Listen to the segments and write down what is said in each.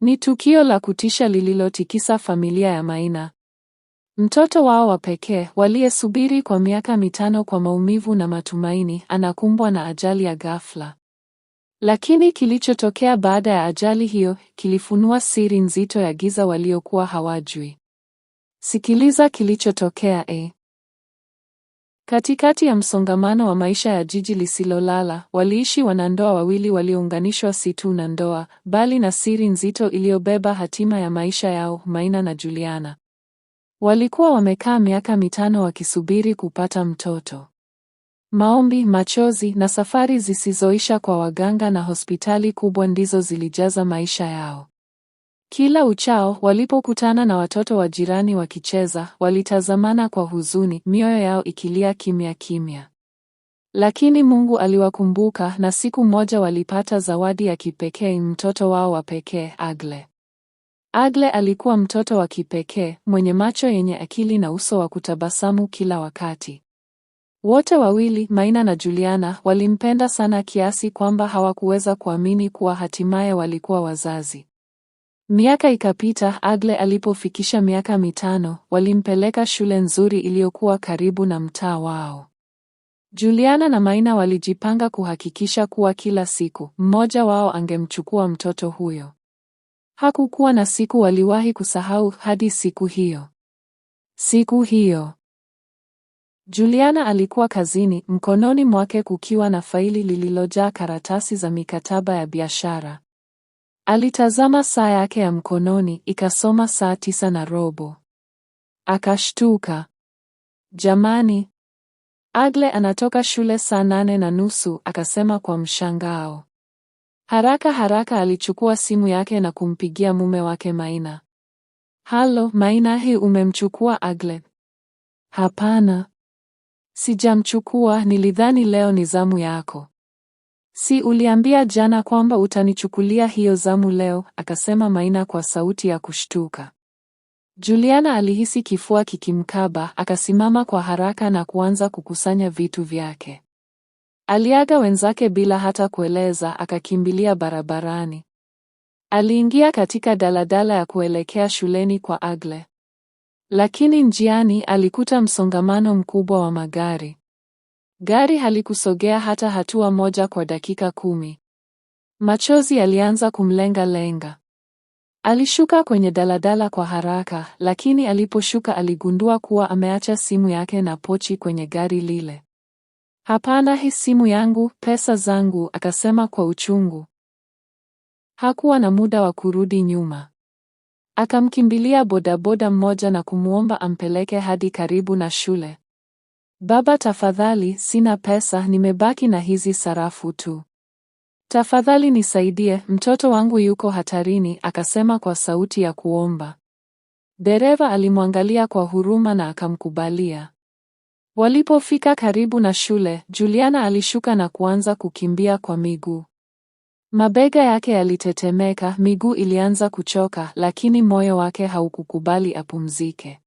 Ni tukio la kutisha lililotikisa familia ya Maina. Mtoto wao wa pekee waliyesubiri kwa miaka mitano kwa maumivu na matumaini anakumbwa na ajali ya ghafla. Lakini kilichotokea baada ya ajali hiyo kilifunua siri nzito ya giza waliokuwa hawajui. Sikiliza kilichotokea eh. Katikati ya msongamano wa maisha ya jiji lisilolala, waliishi wanandoa wawili waliounganishwa si tu na ndoa, bali na siri nzito iliyobeba hatima ya maisha yao, Maina na Juliana. Walikuwa wamekaa miaka mitano wakisubiri kupata mtoto. Maombi, machozi na safari zisizoisha kwa waganga na hospitali kubwa ndizo zilijaza maisha yao. Kila uchao walipokutana na watoto wa jirani wakicheza, walitazamana kwa huzuni, mioyo yao ikilia kimya kimya. Lakini Mungu aliwakumbuka na siku moja walipata zawadi ya kipekee, mtoto wao wa pekee, Agle. Agle alikuwa mtoto wa kipekee, mwenye macho yenye akili na uso wa kutabasamu kila wakati. Wote wawili, Maina na Juliana, walimpenda sana kiasi kwamba hawakuweza kuamini kuwa hatimaye walikuwa wazazi. Miaka ikapita. Agle alipofikisha miaka mitano, walimpeleka shule nzuri iliyokuwa karibu na mtaa wao. Juliana na Maina walijipanga kuhakikisha kuwa kila siku mmoja wao angemchukua mtoto huyo. Hakukuwa na siku waliwahi kusahau hadi siku hiyo. Siku hiyo Juliana alikuwa kazini, mkononi mwake kukiwa na faili lililojaa karatasi za mikataba ya biashara. Alitazama saa yake ya mkononi ikasoma saa tisa na robo. Akashtuka. Jamani, Agle anatoka shule saa nane na nusu, akasema kwa mshangao. Haraka haraka alichukua simu yake na kumpigia mume wake Maina. Halo Maina, hii umemchukua Agle? Hapana, sijamchukua, nilidhani leo ni zamu yako. Si uliambia jana kwamba utanichukulia hiyo zamu leo? Akasema Maina kwa sauti ya kushtuka. Juliana alihisi kifua kikimkaba, akasimama kwa haraka na kuanza kukusanya vitu vyake. Aliaga wenzake bila hata kueleza, akakimbilia barabarani. Aliingia katika daladala ya kuelekea shuleni kwa Agle. Lakini njiani alikuta msongamano mkubwa wa magari. Gari halikusogea hata hatua moja kwa dakika kumi. Machozi yalianza kumlenga-lenga. Alishuka kwenye daladala kwa haraka, lakini aliposhuka aligundua kuwa ameacha simu yake na pochi kwenye gari lile. Hapana, hii simu yangu, pesa zangu, akasema kwa uchungu. Hakuwa na muda wa kurudi nyuma. Akamkimbilia bodaboda mmoja na kumwomba ampeleke hadi karibu na shule. Baba tafadhali, sina pesa, nimebaki na hizi sarafu tu. Tafadhali nisaidie, mtoto wangu yuko hatarini, akasema kwa sauti ya kuomba. Dereva alimwangalia kwa huruma na akamkubalia. Walipofika karibu na shule, Juliana alishuka na kuanza kukimbia kwa miguu. Mabega yake yalitetemeka, miguu ilianza kuchoka, lakini moyo wake haukukubali apumzike.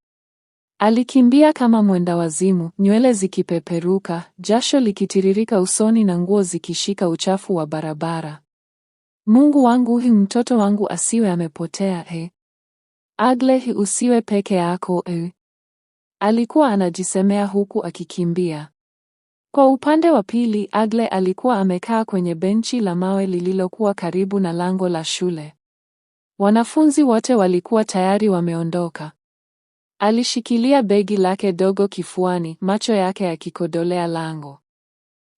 Alikimbia kama mwenda wazimu, nywele zikipeperuka, jasho likitiririka usoni na nguo zikishika uchafu wa barabara. Mungu wangu, hi mtoto wangu asiwe amepotea he. Agle, hi usiwe peke yako he. Alikuwa anajisemea huku akikimbia. Kwa upande wa pili, Agle alikuwa amekaa kwenye benchi la mawe lililokuwa karibu na lango la shule. Wanafunzi wote walikuwa tayari wameondoka. Alishikilia begi lake dogo kifuani, macho yake yakikodolea lango.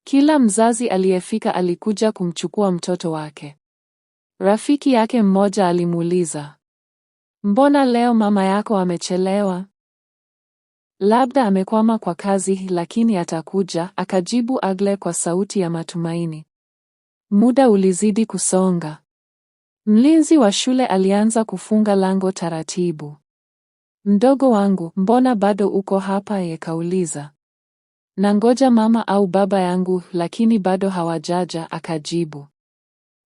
Kila mzazi aliyefika alikuja kumchukua mtoto wake. Rafiki yake mmoja alimuuliza, mbona leo mama yako amechelewa? Labda amekwama kwa kazi, lakini atakuja, akajibu Agle kwa sauti ya matumaini. Muda ulizidi kusonga. Mlinzi wa shule alianza kufunga lango taratibu. Mdogo wangu, mbona bado uko hapa? Yekauliza. Nangoja mama au baba yangu, lakini bado hawajaja, akajibu.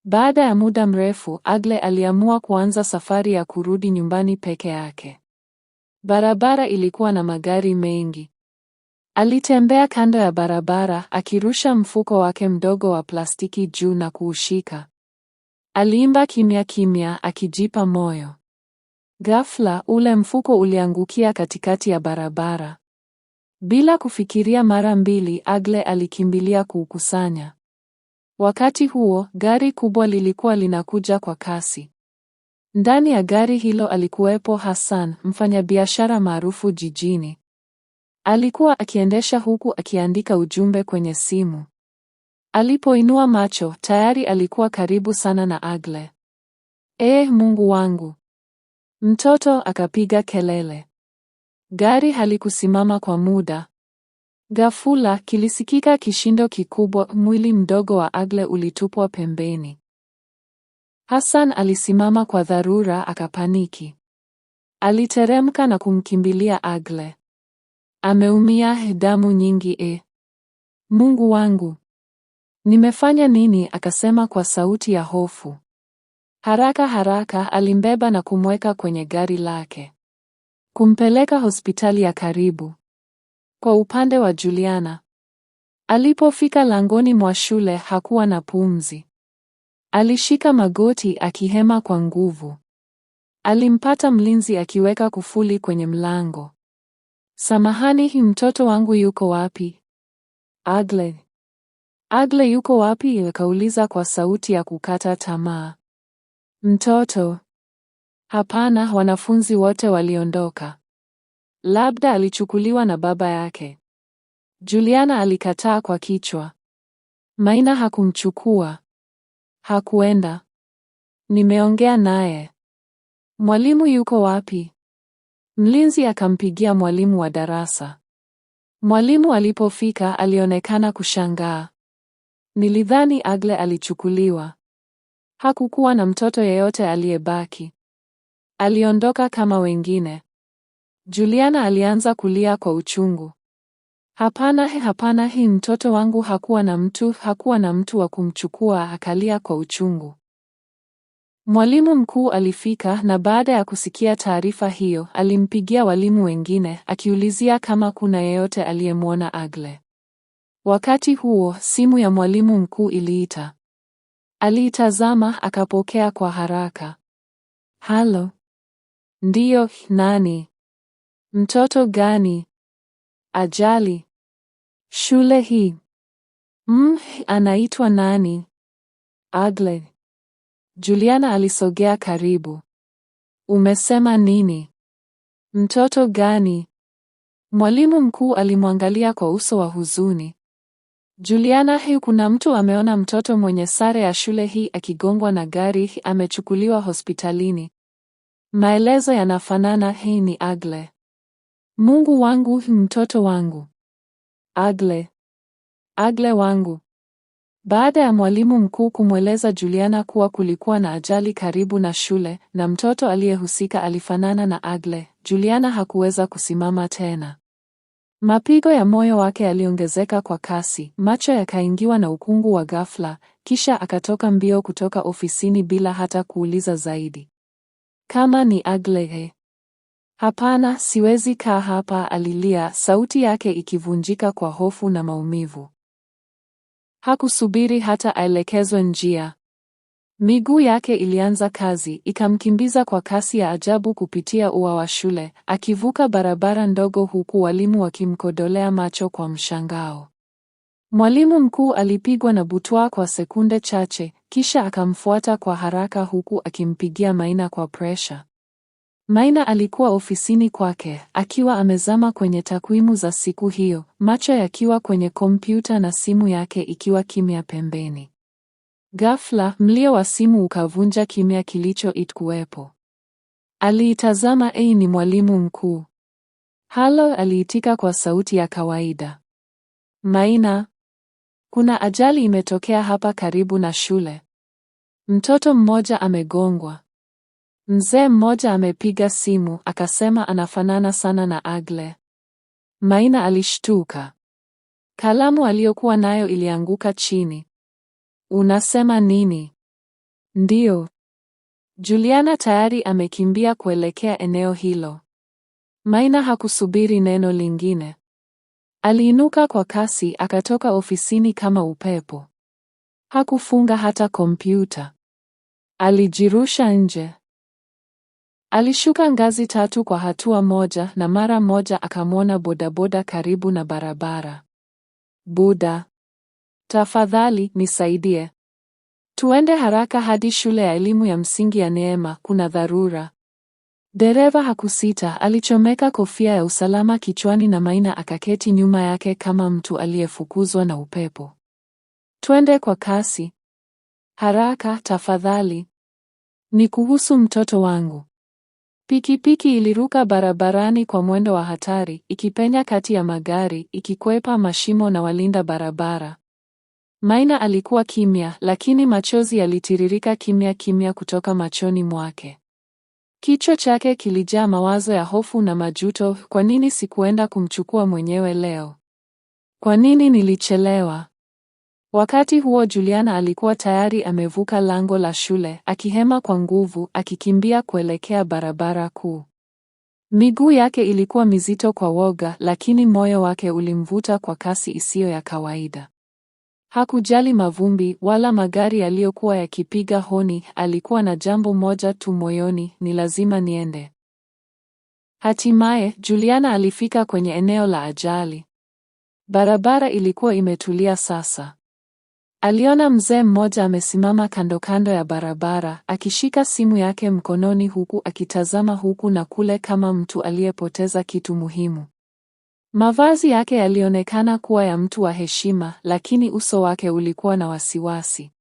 Baada ya muda mrefu, Agle aliamua kuanza safari ya kurudi nyumbani peke yake. Barabara ilikuwa na magari mengi. Alitembea kando ya barabara akirusha mfuko wake mdogo wa plastiki juu na kuushika. Aliimba kimya kimya akijipa moyo. Ghafla ule mfuko uliangukia katikati ya barabara. Bila kufikiria mara mbili, Agle alikimbilia kuukusanya. Wakati huo, gari kubwa lilikuwa linakuja kwa kasi. Ndani ya gari hilo alikuwepo Hassan, mfanyabiashara maarufu jijini. Alikuwa akiendesha huku akiandika ujumbe kwenye simu. Alipoinua macho, tayari alikuwa karibu sana na Agle. Ee Mungu wangu, Mtoto akapiga kelele. Gari halikusimama kwa muda. Ghafula kilisikika kishindo kikubwa, mwili mdogo wa Agle ulitupwa pembeni. Hassan alisimama kwa dharura akapaniki. Aliteremka na kumkimbilia Agle. Ameumia damu nyingi e. Mungu wangu. Nimefanya nini? akasema kwa sauti ya hofu. Haraka haraka alimbeba na kumweka kwenye gari lake, kumpeleka hospitali ya karibu. Kwa upande wa Juliana, alipofika langoni mwa shule hakuwa na pumzi. Alishika magoti akihema kwa nguvu. Alimpata mlinzi akiweka kufuli kwenye mlango. Samahani, hii mtoto wangu yuko wapi? Agle. Agle yuko wapi? Akauliza kwa sauti ya kukata tamaa. Mtoto. Hapana, wanafunzi wote waliondoka. Labda alichukuliwa na baba yake. Juliana alikataa kwa kichwa. Maina hakumchukua. Hakuenda. Nimeongea naye. Mwalimu yuko wapi? Mlinzi akampigia mwalimu wa darasa. Mwalimu alipofika alionekana kushangaa. Nilidhani Agle alichukuliwa. Hakukuwa na mtoto yeyote aliyebaki. Aliondoka kama wengine. Juliana alianza kulia kwa uchungu. Hapana, he, hapana, hii mtoto wangu hakuwa na mtu, hakuwa na mtu wa kumchukua. Akalia kwa uchungu. Mwalimu mkuu alifika na baada ya kusikia taarifa hiyo, alimpigia walimu wengine akiulizia kama kuna yeyote aliyemwona Agle. Wakati huo, simu ya mwalimu mkuu iliita. Aliitazama akapokea kwa haraka. Halo? Ndiyo, nani? Mtoto gani? Ajali? Shule hii? Mm, anaitwa nani? Agle. Juliana alisogea karibu. Umesema nini? Mtoto gani? Mwalimu mkuu alimwangalia kwa uso wa huzuni. Juliana hii kuna mtu ameona mtoto mwenye sare ya shule hii akigongwa na gari, amechukuliwa hospitalini. Maelezo yanafanana, hii ni Agle. Mungu wangu, mtoto wangu. Agle. Agle wangu. Baada ya mwalimu mkuu kumweleza Juliana kuwa kulikuwa na ajali karibu na shule na mtoto aliyehusika alifanana na Agle, Juliana hakuweza kusimama tena. Mapigo ya moyo wake yaliongezeka kwa kasi, macho yakaingiwa na ukungu wa ghafla, kisha akatoka mbio kutoka ofisini bila hata kuuliza zaidi. Kama ni aglehe Hapana, siwezi kaa hapa, alilia, sauti yake ikivunjika kwa hofu na maumivu. Hakusubiri hata aelekezwe njia, Miguu yake ilianza kazi, ikamkimbiza kwa kasi ya ajabu kupitia ua wa shule, akivuka barabara ndogo huku walimu wakimkodolea macho kwa mshangao. Mwalimu mkuu alipigwa na butwa kwa sekunde chache, kisha akamfuata kwa haraka huku akimpigia Maina kwa presha. Maina alikuwa ofisini kwake, akiwa amezama kwenye takwimu za siku hiyo, macho yakiwa kwenye kompyuta na simu yake ikiwa kimya pembeni. Ghafla mlio wa simu ukavunja kimya kilichoitkuwepo. Aliitazama. Ei, ni mwalimu mkuu. Halo, aliitika kwa sauti ya kawaida. Maina, kuna ajali imetokea hapa karibu na shule. Mtoto mmoja amegongwa. Mzee mmoja amepiga simu akasema anafanana sana na Agle. Maina alishtuka. Kalamu aliyokuwa nayo ilianguka chini. Unasema nini? Ndiyo. Juliana tayari amekimbia kuelekea eneo hilo. Maina hakusubiri neno lingine. Aliinuka kwa kasi akatoka ofisini kama upepo. Hakufunga hata kompyuta. Alijirusha nje. Alishuka ngazi tatu kwa hatua moja na mara moja akamwona bodaboda karibu na barabara. Buda. Tafadhali nisaidie. Tuende haraka hadi shule ya elimu ya msingi ya Neema, kuna dharura. Dereva hakusita, alichomeka kofia ya usalama kichwani na Maina akaketi nyuma yake kama mtu aliyefukuzwa na upepo. Twende kwa kasi. Haraka tafadhali. Ni kuhusu mtoto wangu. Pikipiki iliruka barabarani kwa mwendo wa hatari, ikipenya kati ya magari, ikikwepa mashimo na walinda barabara. Maina alikuwa kimya, lakini machozi yalitiririka kimya kimya kutoka machoni mwake. Kichwa chake kilijaa mawazo ya hofu na majuto. Kwa nini sikuenda kumchukua mwenyewe leo? Kwa nini nilichelewa? Wakati huo Juliana alikuwa tayari amevuka lango la shule, akihema kwa nguvu, akikimbia kuelekea barabara kuu. Miguu yake ilikuwa mizito kwa woga, lakini moyo wake ulimvuta kwa kasi isiyo ya kawaida. Hakujali mavumbi wala magari yaliyokuwa yakipiga honi, alikuwa na jambo moja tu moyoni, ni lazima niende. Hatimaye, Juliana alifika kwenye eneo la ajali. Barabara ilikuwa imetulia sasa. Aliona mzee mmoja amesimama kando kando ya barabara, akishika simu yake mkononi huku akitazama huku na kule kama mtu aliyepoteza kitu muhimu. Mavazi yake yalionekana kuwa ya mtu wa heshima, lakini uso wake ulikuwa na wasiwasi.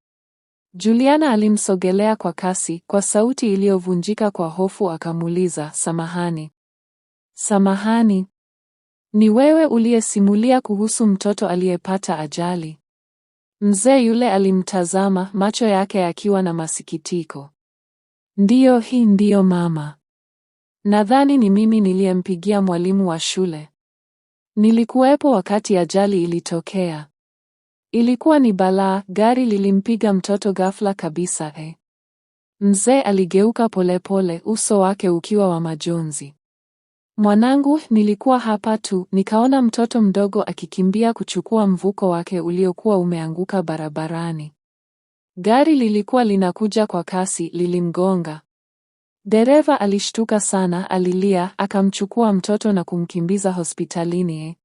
Juliana alimsogelea kwa kasi, kwa sauti iliyovunjika kwa hofu akamuuliza, "Samahani." "Samahani? Ni wewe uliyesimulia kuhusu mtoto aliyepata ajali?" Mzee yule alimtazama, macho yake yakiwa na masikitiko. "Ndiyo, hii ndiyo mama. Nadhani ni mimi niliyempigia mwalimu wa shule." Nilikuwepo wakati ajali ilitokea. Ilikuwa ni balaa, gari lilimpiga mtoto ghafla kabisa eh. Mzee aligeuka polepole, uso wake ukiwa wa majonzi. Mwanangu, nilikuwa hapa tu, nikaona mtoto mdogo akikimbia kuchukua mvuko wake uliokuwa umeanguka barabarani. Gari lilikuwa linakuja kwa kasi, lilimgonga. Dereva alishtuka sana, alilia, akamchukua mtoto na kumkimbiza hospitalini.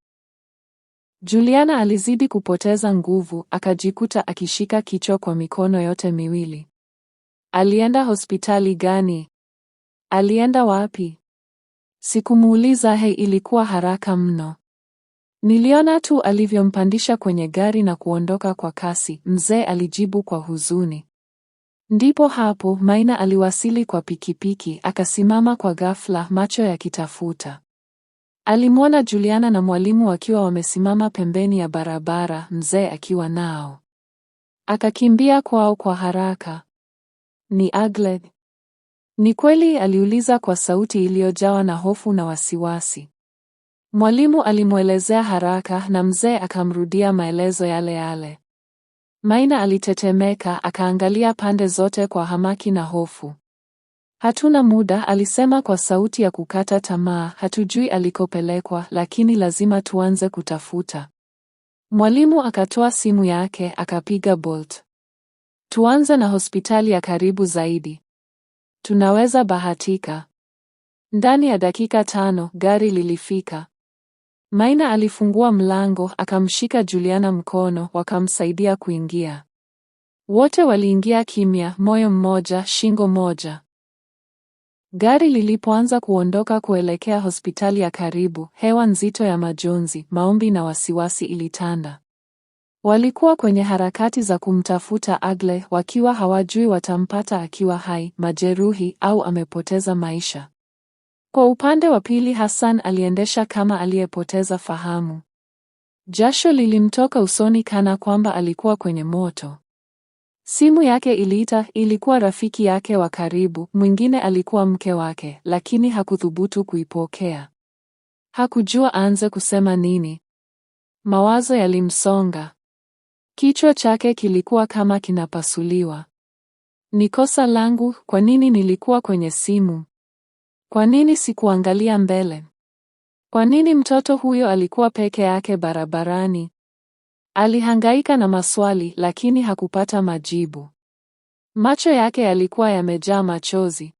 Juliana alizidi kupoteza nguvu, akajikuta akishika kichwa kwa mikono yote miwili. Alienda hospitali gani? Alienda wapi? Sikumuuliza. Hei, ilikuwa haraka mno. Niliona tu alivyompandisha kwenye gari na kuondoka kwa kasi, mzee alijibu kwa huzuni. Ndipo hapo Maina aliwasili kwa pikipiki, akasimama kwa ghafla, macho yakitafuta. Alimwona Juliana na mwalimu wakiwa wamesimama pembeni ya barabara, mzee akiwa nao. Akakimbia kwao kwa haraka. Ni Agled? Ni kweli? aliuliza kwa sauti iliyojawa na hofu na wasiwasi. Mwalimu alimwelezea haraka na mzee akamrudia maelezo yale yale. Maina alitetemeka, akaangalia pande zote kwa hamaki na hofu. Hatuna muda, alisema kwa sauti ya kukata tamaa. Hatujui alikopelekwa, lakini lazima tuanze kutafuta. Mwalimu akatoa simu yake, akapiga Bolt. Tuanze na hospitali ya karibu zaidi. Tunaweza bahatika. Ndani ya dakika tano, gari lilifika. Maina alifungua mlango, akamshika Juliana mkono, wakamsaidia kuingia. Wote waliingia kimya, moyo mmoja, shingo moja. Gari lilipoanza kuondoka kuelekea hospitali ya karibu, hewa nzito ya majonzi, maombi na wasiwasi ilitanda. Walikuwa kwenye harakati za kumtafuta Agle, wakiwa hawajui watampata akiwa hai, majeruhi au amepoteza maisha. Kwa upande wa pili, Hassan aliendesha kama aliyepoteza fahamu. Jasho lilimtoka usoni kana kwamba alikuwa kwenye moto. Simu yake iliita, ilikuwa rafiki yake wa karibu, mwingine alikuwa mke wake, lakini hakuthubutu kuipokea. Hakujua aanze kusema nini. Mawazo yalimsonga. Kichwa chake kilikuwa kama kinapasuliwa. Ni kosa langu, kwa nini nilikuwa kwenye simu? Kwa nini sikuangalia mbele? Kwa nini mtoto huyo alikuwa peke yake barabarani? Alihangaika na maswali lakini hakupata majibu. Macho yake yalikuwa yamejaa machozi.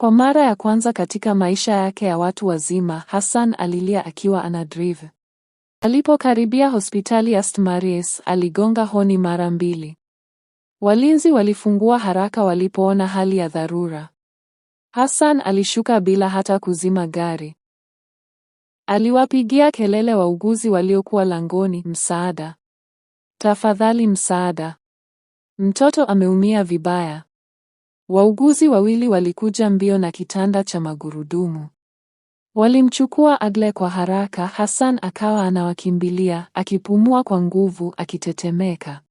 Kwa mara ya kwanza katika maisha yake ya watu wazima, Hassan alilia akiwa anadrive. Alipokaribia hospitali ya St. Mary's, aligonga honi mara mbili. Walinzi walifungua haraka walipoona hali ya dharura. Hassan alishuka bila hata kuzima gari. Aliwapigia kelele wauguzi waliokuwa langoni, msaada. Tafadhali msaada. Mtoto ameumia vibaya. Wauguzi wawili walikuja mbio na kitanda cha magurudumu. Walimchukua Agle kwa haraka. Hassan akawa anawakimbilia, akipumua kwa nguvu, akitetemeka.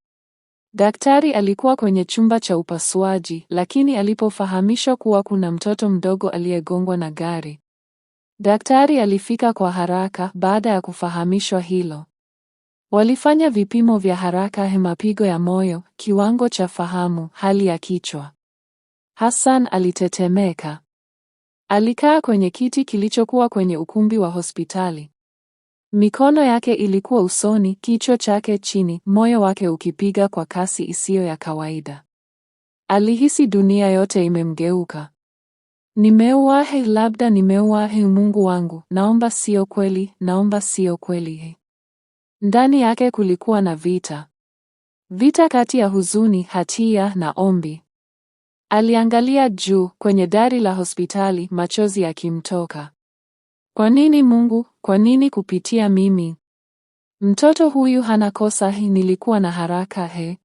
Daktari alikuwa kwenye chumba cha upasuaji, lakini alipofahamishwa kuwa kuna mtoto mdogo aliyegongwa na gari, daktari alifika kwa haraka. Baada ya kufahamishwa hilo, walifanya vipimo vya haraka: mapigo ya moyo, kiwango cha fahamu, hali ya kichwa. Hassan alitetemeka. Alikaa kwenye kiti kilichokuwa kwenye ukumbi wa hospitali. Mikono yake ilikuwa usoni, kichwa chake chini, moyo wake ukipiga kwa kasi isiyo ya kawaida. Alihisi dunia yote imemgeuka. Nimeuahi, labda nimeuahi. Mungu wangu, naomba sio kweli, naomba sio kweli. Ndani yake kulikuwa na vita, vita kati ya huzuni, hatia na ombi. Aliangalia juu kwenye dari la hospitali, machozi yakimtoka. Kwa nini Mungu? Kwa nini kupitia mimi? Mtoto huyu hana kosa. Hii nilikuwa na haraka he,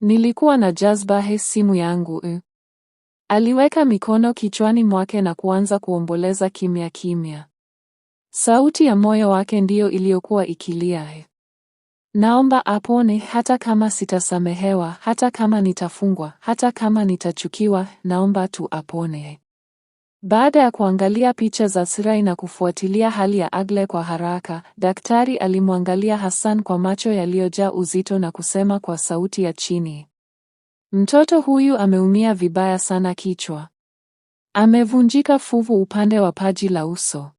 nilikuwa na jazba he, simu yangu he. Aliweka mikono kichwani mwake na kuanza kuomboleza kimya kimya. Sauti ya moyo wake ndiyo iliyokuwa ikilia he. Naomba apone, hata kama sitasamehewa, hata kama nitafungwa, hata kama nitachukiwa, naomba tu apone he. Baada ya kuangalia picha za Sirai na kufuatilia hali ya Agle kwa haraka, daktari alimwangalia Hassan kwa macho yaliyojaa uzito na kusema kwa sauti ya chini, mtoto huyu ameumia vibaya sana kichwa, amevunjika fuvu upande wa paji la uso.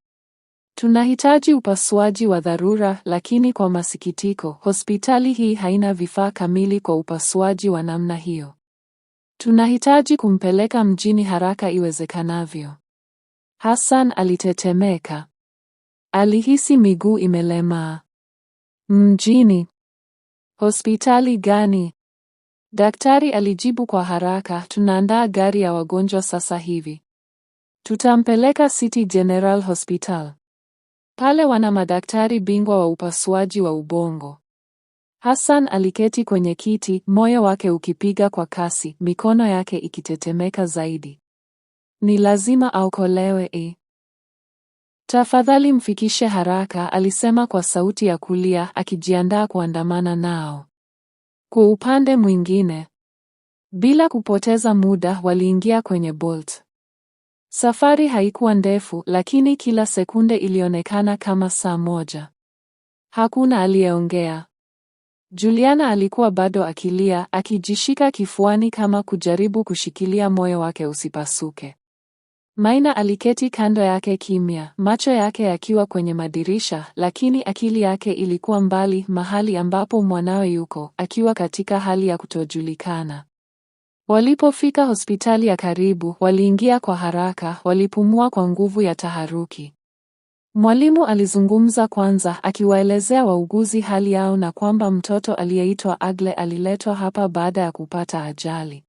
Tunahitaji upasuaji wa dharura, lakini kwa masikitiko, hospitali hii haina vifaa kamili kwa upasuaji wa namna hiyo. Tunahitaji kumpeleka mjini haraka iwezekanavyo. Hassan alitetemeka. Alihisi miguu imelemaa. Mjini? Hospitali gani? Daktari alijibu kwa haraka, tunaandaa gari ya wagonjwa sasa hivi. Tutampeleka City General Hospital. Pale wana madaktari bingwa wa upasuaji wa ubongo. Hassan aliketi kwenye kiti, moyo wake ukipiga kwa kasi, mikono yake ikitetemeka zaidi. Ni lazima aokolewe e. Tafadhali mfikishe haraka, alisema kwa sauti ya kulia, akijiandaa kuandamana nao. Kwa upande mwingine, bila kupoteza muda, waliingia kwenye Bolt. Safari haikuwa ndefu, lakini kila sekunde ilionekana kama saa moja. Hakuna aliyeongea. Juliana alikuwa bado akilia, akijishika kifuani kama kujaribu kushikilia moyo wake usipasuke. Maina aliketi kando yake kimya, macho yake yakiwa kwenye madirisha, lakini akili yake ilikuwa mbali, mahali ambapo mwanawe yuko, akiwa katika hali ya kutojulikana. Walipofika hospitali ya karibu, waliingia kwa haraka, walipumua kwa nguvu ya taharuki. Mwalimu alizungumza kwanza akiwaelezea wauguzi hali yao na kwamba mtoto aliyeitwa Agle aliletwa hapa baada ya kupata ajali.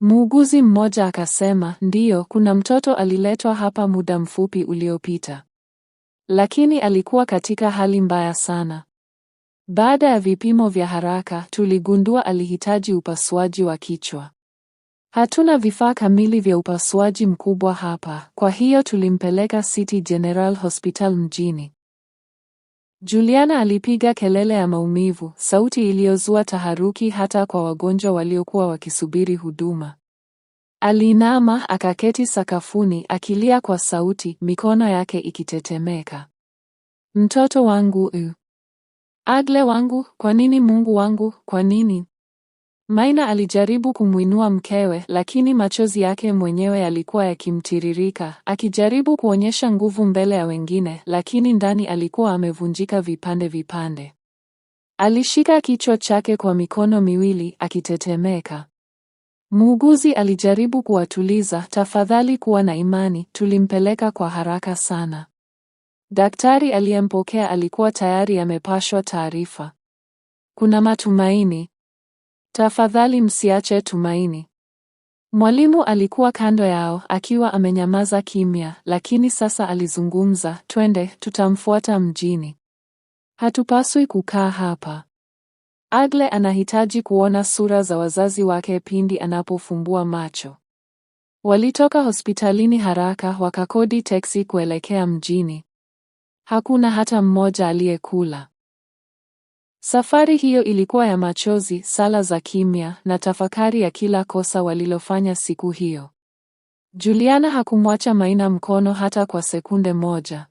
Muuguzi mmoja akasema, ndiyo, kuna mtoto aliletwa hapa muda mfupi uliopita. Lakini alikuwa katika hali mbaya sana. Baada ya vipimo vya haraka, tuligundua alihitaji upasuaji wa kichwa. Hatuna vifaa kamili vya upasuaji mkubwa hapa, kwa hiyo tulimpeleka City General Hospital mjini. Juliana alipiga kelele ya maumivu, sauti iliyozua taharuki hata kwa wagonjwa waliokuwa wakisubiri huduma. Alinama akaketi sakafuni akilia kwa sauti, mikono yake ikitetemeka. Mtoto wangu u. Agle wangu, kwa nini Mungu wangu, kwa nini? Maina alijaribu kumwinua mkewe, lakini machozi yake mwenyewe yalikuwa yakimtiririka, akijaribu kuonyesha nguvu mbele ya wengine, lakini ndani alikuwa amevunjika vipande vipande. Alishika kichwa chake kwa mikono miwili akitetemeka. Muuguzi alijaribu kuwatuliza, tafadhali kuwa na imani, tulimpeleka kwa haraka sana. Daktari aliyempokea alikuwa tayari amepashwa taarifa. Kuna matumaini. Tafadhali msiache tumaini. Mwalimu alikuwa kando yao akiwa amenyamaza kimya, lakini sasa alizungumza, twende, tutamfuata mjini. Hatupaswi kukaa hapa. Agle anahitaji kuona sura za wazazi wake pindi anapofumbua macho. Walitoka hospitalini haraka wakakodi teksi kuelekea mjini. Hakuna hata mmoja aliyekula. Safari hiyo ilikuwa ya machozi, sala za kimya na tafakari ya kila kosa walilofanya siku hiyo. Juliana hakumwacha Maina mkono hata kwa sekunde moja.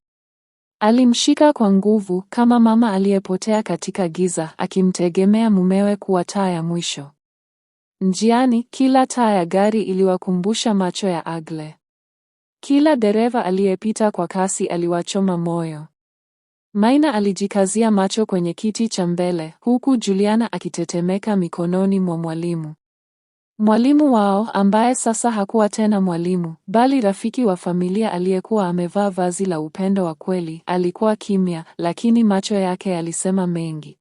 Alimshika kwa nguvu kama mama aliyepotea katika giza, akimtegemea mumewe kuwa taa ya mwisho. Njiani, kila taa ya gari iliwakumbusha macho ya Agle. Kila dereva aliyepita kwa kasi aliwachoma moyo. Maina alijikazia macho kwenye kiti cha mbele huku Juliana akitetemeka mikononi mwa mwalimu. Mwalimu wao ambaye sasa hakuwa tena mwalimu, bali rafiki wa familia aliyekuwa amevaa vazi la upendo wa kweli, alikuwa kimya, lakini macho yake yalisema mengi.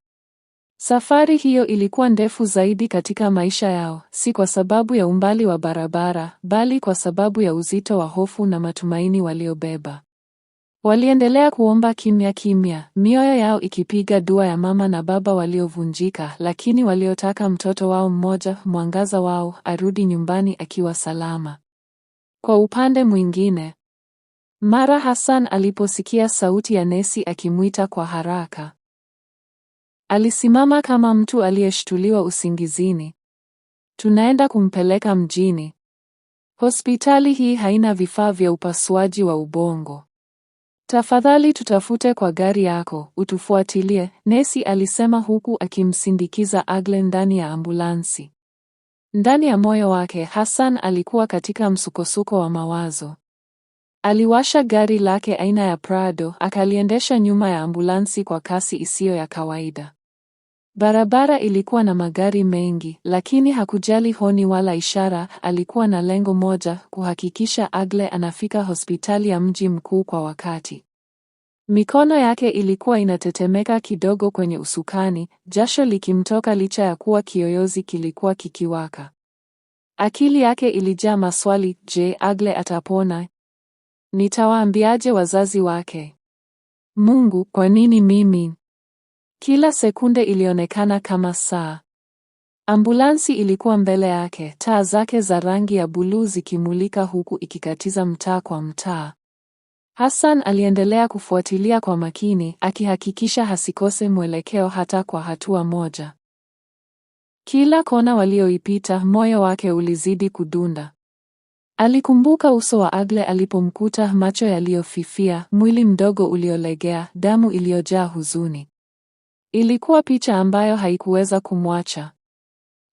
Safari hiyo ilikuwa ndefu zaidi katika maisha yao, si kwa sababu ya umbali wa barabara, bali kwa sababu ya uzito wa hofu na matumaini waliobeba. Waliendelea kuomba kimya kimya, mioyo yao ikipiga dua ya mama na baba waliovunjika, lakini waliotaka mtoto wao mmoja, mwangaza wao, arudi nyumbani akiwa salama. Kwa upande mwingine, mara Hassan aliposikia sauti ya nesi akimwita kwa haraka, alisimama kama mtu aliyeshtuliwa usingizini. Tunaenda kumpeleka mjini. Hospitali hii haina vifaa vya upasuaji wa ubongo. Tafadhali tutafute kwa gari yako, utufuatilie, nesi alisema huku akimsindikiza Agle ndani ya ambulansi. Ndani ya moyo wake Hassan alikuwa katika msukosuko wa mawazo. Aliwasha gari lake aina ya Prado, akaliendesha nyuma ya ambulansi kwa kasi isiyo ya kawaida. Barabara ilikuwa na magari mengi, lakini hakujali honi wala ishara. Alikuwa na lengo moja, kuhakikisha Agle anafika hospitali ya mji mkuu kwa wakati. Mikono yake ilikuwa inatetemeka kidogo kwenye usukani, jasho likimtoka licha ya kuwa kiyoyozi kilikuwa kikiwaka. Akili yake ilijaa maswali. Je, Agle atapona? Nitawaambiaje wazazi wake? Mungu, kwa nini mimi? Kila sekunde ilionekana kama saa. Ambulansi ilikuwa mbele yake, taa zake za rangi ya buluu zikimulika huku ikikatiza mtaa kwa mtaa. Hassan aliendelea kufuatilia kwa makini, akihakikisha hasikose mwelekeo hata kwa hatua moja. Kila kona walioipita, moyo wake ulizidi kudunda. Alikumbuka uso wa Agle alipomkuta, macho yaliyofifia, mwili mdogo uliolegea, damu iliyojaa huzuni. Ilikuwa picha ambayo haikuweza kumwacha.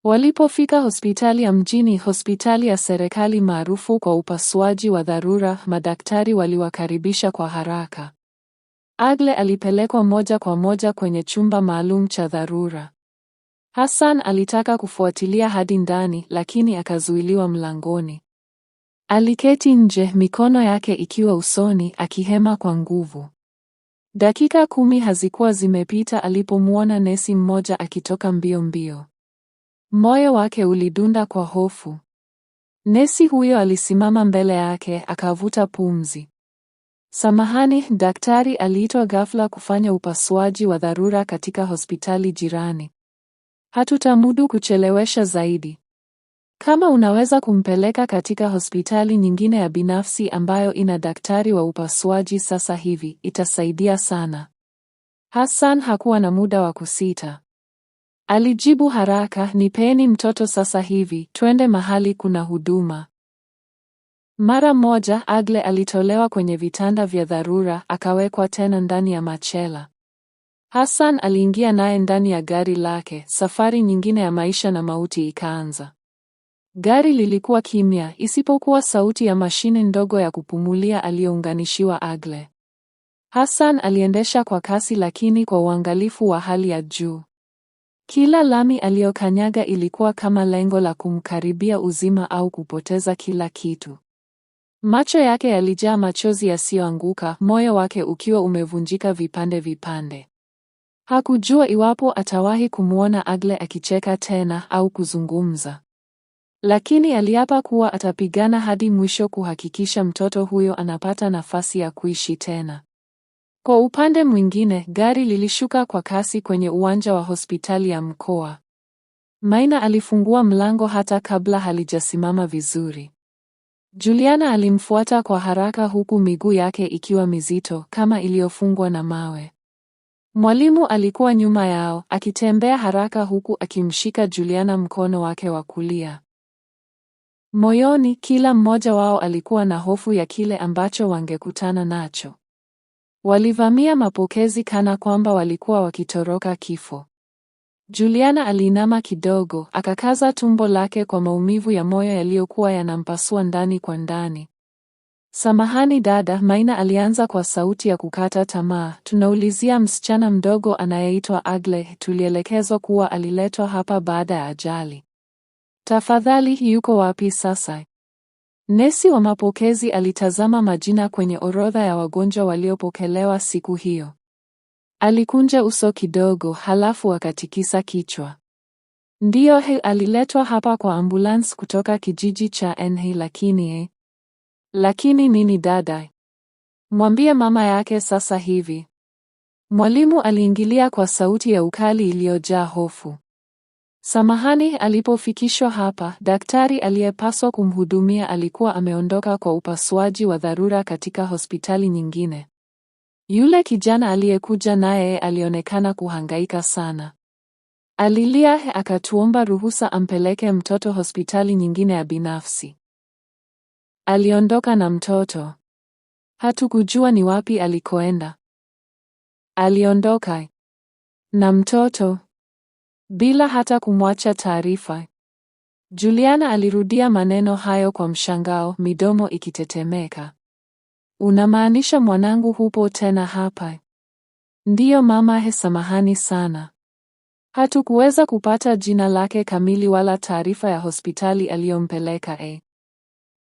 Walipofika hospitali ya mjini, hospitali ya serikali maarufu kwa upasuaji wa dharura, madaktari waliwakaribisha kwa haraka. Agle alipelekwa moja kwa moja kwenye chumba maalum cha dharura. Hassan alitaka kufuatilia hadi ndani, lakini akazuiliwa mlangoni. Aliketi nje, mikono yake ikiwa usoni, akihema kwa nguvu. Dakika kumi hazikuwa zimepita alipomwona nesi mmoja akitoka mbio mbio. Moyo wake ulidunda kwa hofu. Nesi huyo alisimama mbele yake akavuta pumzi. Samahani, daktari aliitwa ghafla kufanya upasuaji wa dharura katika hospitali jirani. Hatutamudu kuchelewesha zaidi. Kama unaweza kumpeleka katika hospitali nyingine ya binafsi ambayo ina daktari wa upasuaji sasa hivi, itasaidia sana. Hassan hakuwa na muda wa kusita. Alijibu haraka, nipeni mtoto sasa hivi, twende mahali kuna huduma. Mara moja Agle alitolewa kwenye vitanda vya dharura, akawekwa tena ndani ya machela. Hassan aliingia naye ndani ya gari lake, safari nyingine ya maisha na mauti ikaanza. Gari lilikuwa kimya isipokuwa sauti ya mashine ndogo ya kupumulia aliyounganishiwa Agle. Hassan aliendesha kwa kasi lakini kwa uangalifu wa hali ya juu. Kila lami aliyokanyaga ilikuwa kama lengo la kumkaribia uzima au kupoteza kila kitu. Macho yake yalijaa machozi yasiyoanguka, moyo wake ukiwa umevunjika vipande vipande. Hakujua iwapo atawahi kumwona Agle akicheka tena au kuzungumza. Lakini aliapa kuwa atapigana hadi mwisho kuhakikisha mtoto huyo anapata nafasi ya kuishi tena. Kwa upande mwingine, gari lilishuka kwa kasi kwenye uwanja wa hospitali ya mkoa. Maina alifungua mlango hata kabla halijasimama vizuri. Juliana alimfuata kwa haraka huku miguu yake ikiwa mizito kama iliyofungwa na mawe. Mwalimu alikuwa nyuma yao akitembea haraka huku akimshika Juliana mkono wake wa kulia. Moyoni kila mmoja wao alikuwa na hofu ya kile ambacho wangekutana nacho. Walivamia mapokezi kana kwamba walikuwa wakitoroka kifo. Juliana aliinama kidogo, akakaza tumbo lake kwa maumivu ya moyo yaliyokuwa yanampasua ndani kwa ndani. Samahani dada, Maina alianza kwa sauti ya kukata tamaa. Tunaulizia msichana mdogo anayeitwa Agle, tulielekezwa kuwa aliletwa hapa baada ya ajali. Tafadhali yuko wapi sasa? Nesi wa mapokezi alitazama majina kwenye orodha ya wagonjwa waliopokelewa siku hiyo. Alikunja uso kidogo halafu akatikisa kichwa. Ndiyo, he, aliletwa hapa kwa ambulance kutoka kijiji cha Enhi, lakini he. Eh? Lakini nini dada? Mwambie mama yake sasa hivi. Mwalimu aliingilia kwa sauti ya ukali iliyojaa hofu. Samahani, alipofikishwa hapa, daktari aliyepaswa kumhudumia alikuwa ameondoka kwa upasuaji wa dharura katika hospitali nyingine. Yule kijana aliyekuja naye alionekana kuhangaika sana. Alilia, akatuomba ruhusa ampeleke mtoto hospitali nyingine ya binafsi. Aliondoka na mtoto. Hatukujua ni wapi alikoenda. Aliondoka na mtoto bila hata kumwacha taarifa. Juliana alirudia maneno hayo kwa mshangao, midomo ikitetemeka. Unamaanisha mwanangu hupo tena hapa? Ndiyo mama, he, samahani sana. Hatukuweza kupata jina lake kamili wala taarifa ya hospitali aliyompeleka eh.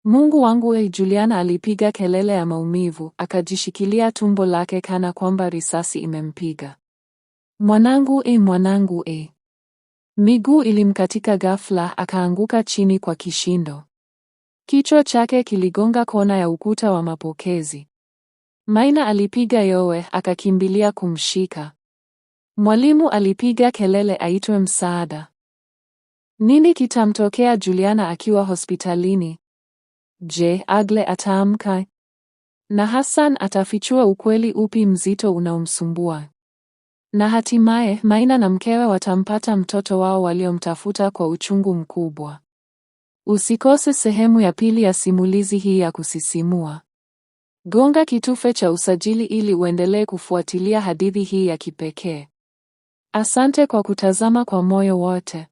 Mungu wangu eh, Juliana alipiga kelele ya maumivu, akajishikilia tumbo lake kana kwamba risasi imempiga. Mwanangu eh, mwanangu eh. Miguu ilimkatika ghafla, akaanguka chini kwa kishindo. Kichwa chake kiligonga kona ya ukuta wa mapokezi. Maina alipiga yowe, akakimbilia kumshika. Mwalimu alipiga kelele aitwe msaada. Nini kitamtokea Juliana akiwa hospitalini? Je, Agle ataamka? Na Hassan atafichua ukweli upi mzito unaomsumbua? Na hatimaye Maina na mkewe watampata mtoto wao waliomtafuta kwa uchungu mkubwa. Usikose sehemu ya pili ya simulizi hii ya kusisimua. Gonga kitufe cha usajili ili uendelee kufuatilia hadithi hii ya kipekee. Asante kwa kutazama kwa moyo wote.